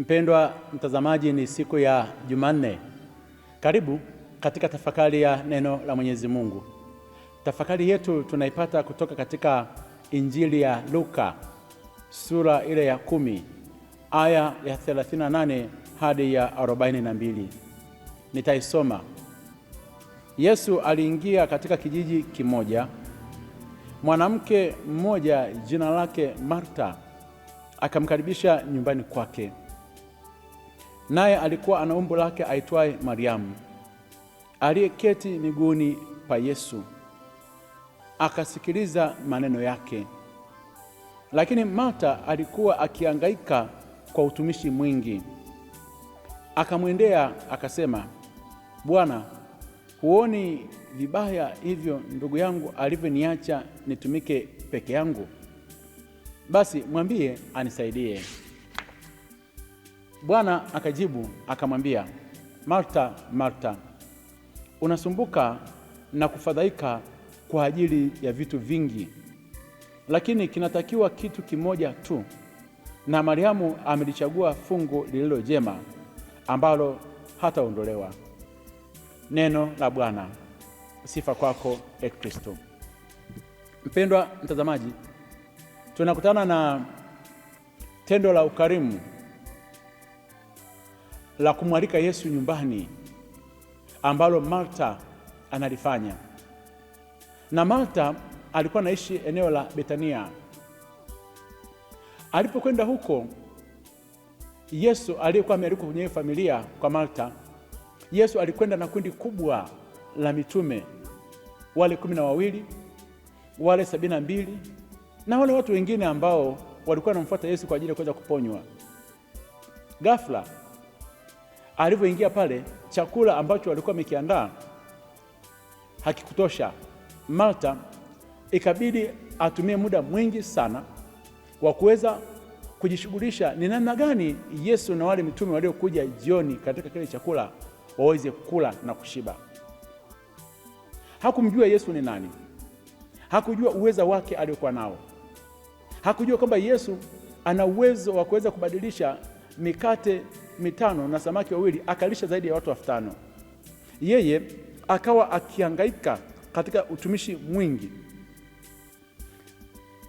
Mpendwa mtazamaji, ni siku ya Jumanne. Karibu katika tafakari ya neno la Mwenyezi Mungu. Tafakari yetu tunaipata kutoka katika Injili ya Luka sura ile ya kumi aya ya 38 hadi ya 42. Nitaisoma. Yesu aliingia katika kijiji kimoja. Mwanamke mmoja jina lake Marta akamkaribisha nyumbani kwake naye alikuwa ana umbo lake aitwaye Mariamu, aliyeketi miguuni pa Yesu akasikiliza maneno yake. Lakini Marta alikuwa akihangaika kwa utumishi mwingi. Akamwendea akasema, Bwana, huoni vibaya hivyo ndugu yangu alivyoniacha nitumike peke yangu? Basi mwambie anisaidie. Bwana akajibu akamwambia, Marta, Marta, unasumbuka na kufadhaika kwa ajili ya vitu vingi, lakini kinatakiwa kitu kimoja tu. Na Mariamu amelichagua fungu lililo jema, ambalo hataondolewa. Neno la Bwana. Sifa kwako e Kristo. Mpendwa mtazamaji, tunakutana na tendo la ukarimu la kumwalika Yesu nyumbani ambalo Marta analifanya. Na Marta alikuwa anaishi eneo la Betania. Alipokwenda huko, Yesu aliyekuwa amealikwa kwenye familia kwa Marta, Yesu alikwenda na kundi kubwa la mitume wale kumi na wawili wale sabini na mbili na wale watu wengine ambao walikuwa wanamfuata Yesu kwa ajili ya kuweza kuponywa. Ghafla Alivyoingia pale, chakula ambacho walikuwa wamekiandaa hakikutosha. Malta ikabidi atumie muda mwingi sana wa kuweza kujishughulisha ni namna gani Yesu na wale mitume waliokuja jioni katika kile chakula waweze kula na kushiba. Hakumjua Yesu ni nani, hakujua uweza wake aliokuwa nao, hakujua kwamba Yesu ana uwezo wa kuweza kubadilisha mikate mitano na samaki wawili akalisha zaidi ya watu elfu tano. Yeye akawa akihangaika katika utumishi mwingi.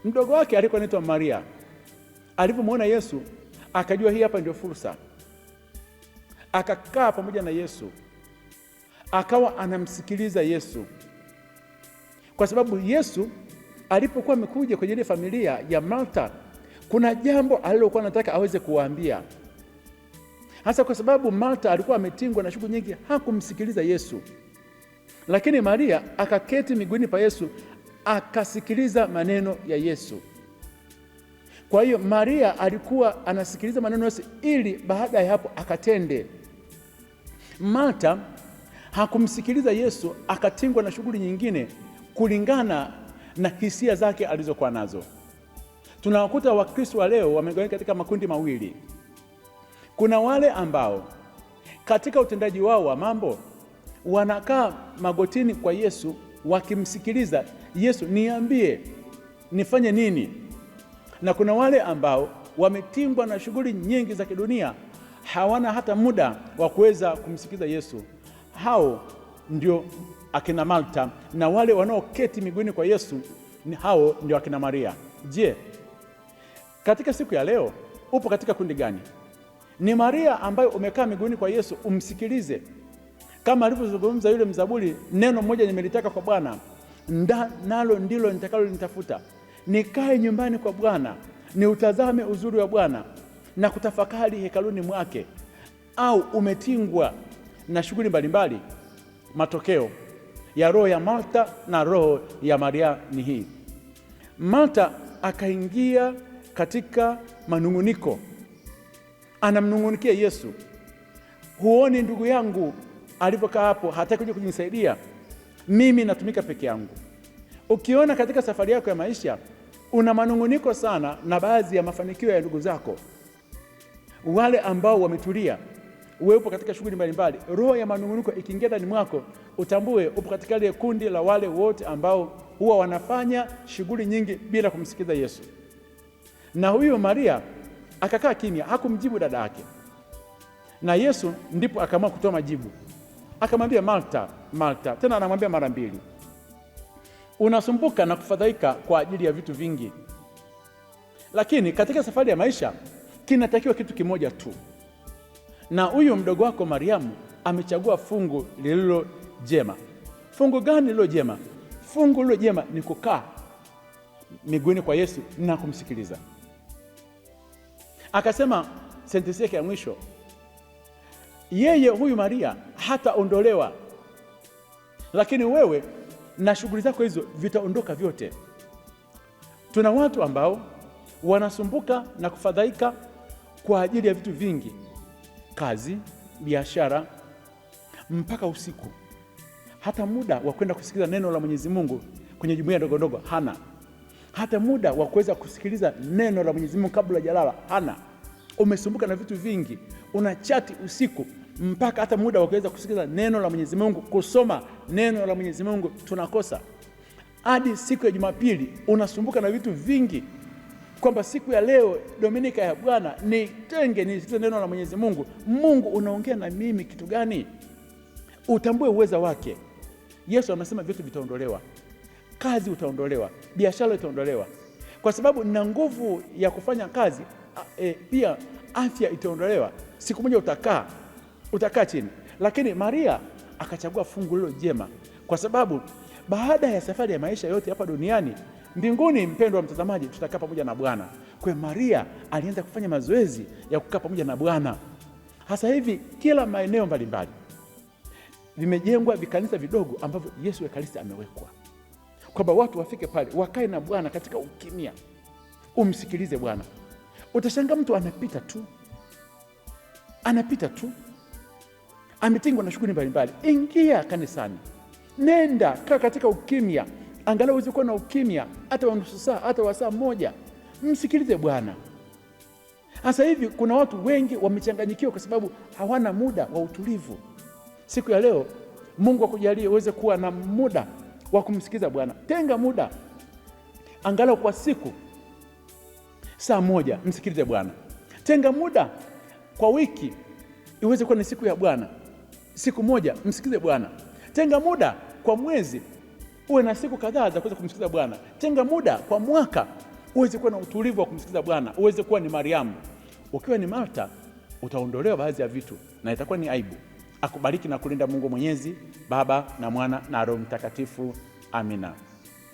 Mdogo wake alikuwa anaitwa Maria. Alipomwona Yesu akajua hii hapa ndio fursa, akakaa pamoja na Yesu, akawa anamsikiliza Yesu, kwa sababu Yesu alipokuwa amekuja kwenye ile familia ya Martha kuna jambo alilokuwa anataka aweze kuwaambia. Hasa kwa sababu marta alikuwa ametingwa na shughuli nyingi, hakumsikiliza Yesu, lakini Maria akaketi miguuni pa Yesu akasikiliza maneno ya Yesu. Kwa hiyo Maria alikuwa anasikiliza maneno Yesu ili baada ya hapo akatende. marta hakumsikiliza Yesu, akatingwa na shughuli nyingine kulingana na hisia zake alizokuwa nazo. Tunawakuta Wakristo wa leo wamegawanyika katika makundi mawili. Kuna wale ambao katika utendaji wao wa mambo wanakaa magotini kwa Yesu wakimsikiliza Yesu, niambie nifanye nini? Na kuna wale ambao wametingwa na shughuli nyingi za kidunia, hawana hata muda wa kuweza kumsikiliza Yesu. Hao ndio akina malta na wale wanaoketi miguuni kwa Yesu hao ndio akina Maria. Je, katika siku ya leo upo katika kundi gani? Ni Maria ambayo umekaa miguuni kwa Yesu, umsikilize kama alivyozungumza yule mzaburi, neno mmoja nimelitaka kwa Bwana, nalo ndilo nitakalo linitafuta, nikae nyumbani kwa Bwana, niutazame uzuri wa Bwana na kutafakari hekaluni mwake. Au umetingwa na shughuli mbalimbali, matokeo ya roho ya marta na roho ya Maria ni hii: marta akaingia katika manung'uniko anamnung'unikia Yesu. Huoni ndugu yangu alivyokaa hapo, hataki kuja kujinisaidia mimi, natumika peke yangu. Ukiona katika safari yako ya maisha una manung'uniko sana na baadhi ya mafanikio ya ndugu zako, wale ambao wametulia, wewe upo katika shughuli mbalimbali, roho ya manung'uniko ikiingia ndani mwako, utambue upo katika ile kundi la wale wote ambao huwa wanafanya shughuli nyingi bila kumsikiza Yesu. Na huyu Maria Akakaa kimya, hakumjibu dada yake, na Yesu ndipo akaamua kutoa majibu. Akamwambia Marta, Marta, tena anamwambia mara mbili, unasumbuka na kufadhaika kwa ajili ya vitu vingi, lakini katika safari ya maisha kinatakiwa kitu kimoja tu, na huyu mdogo wako Mariamu amechagua fungu lililo jema. Fungu gani lililo jema? Fungu lililo jema ni kukaa miguuni kwa Yesu na kumsikiliza. Akasema sentensi yake ya mwisho, yeye huyu Maria hataondolewa, lakini wewe na shughuli zako hizo vitaondoka vyote. Tuna watu ambao wanasumbuka na kufadhaika kwa ajili ya vitu vingi, kazi, biashara, mpaka usiku. Hata muda wa kwenda kusikiliza neno la Mwenyezi Mungu kwenye jumuiya ndogo ndogo hana hata muda wa kuweza kusikiliza neno la Mwenyezi Mungu kabla hajalala hana. Umesumbuka na vitu vingi, una chati usiku mpaka hata muda wa kuweza kusikiliza neno la Mwenyezi Mungu, kusoma neno la Mwenyezi Mungu tunakosa. Hadi siku ya Jumapili unasumbuka na vitu vingi, kwamba siku ya leo Dominika ya Bwana nitenge nisikize neno la Mwenyezi Mungu. Mungu unaongea na mimi kitu gani? Utambue uweza wake. Yesu amesema vitu vitaondolewa kazi utaondolewa, biashara itaondolewa, kwa sababu na nguvu ya kufanya kazi e, pia afya itaondolewa. Siku moja utakaa utakaa chini, lakini Maria akachagua fungu lilo jema, kwa sababu baada ya safari ya maisha yote hapa duniani, mbinguni, mpendo wa mtazamaji, tutakaa pamoja na Bwana. Kwa Maria alianza kufanya mazoezi ya kukaa pamoja na Bwana. Hasa hivi kila maeneo mbalimbali vimejengwa vikanisa vidogo ambavyo Yesu Ekaristi amewekwa kwamba watu wafike pale wakae na Bwana katika ukimya, umsikilize Bwana. utashanga mtu anapita tu, anapita tu, ametingwa na shughuli mbalimbali. Ingia kanisani, nenda kaa katika ukimya, angalau uweze kuwa na ukimya hata wa nusu saa, hata wa saa moja, msikilize Bwana. Sasa hivi kuna watu wengi wamechanganyikiwa kwa sababu hawana muda wa utulivu. Siku ya leo, Mungu akujalie uweze kuwa na muda wa kumsikiza Bwana. Tenga muda angalau kwa siku saa moja, msikilize Bwana. Tenga muda kwa wiki, iweze kuwa ni siku ya Bwana, siku moja msikize Bwana. Tenga muda kwa mwezi, uwe na siku kadhaa za kuweza kumsikiza Bwana. Tenga muda kwa mwaka, uweze kuwa na utulivu wa kumsikiza Bwana, uweze kuwa ni Mariamu. Ukiwa ni Marta, utaondolewa baadhi ya vitu na itakuwa ni aibu. Akubariki na kulinda Mungu Mwenyezi, Baba na Mwana na Roho Mtakatifu. Amina.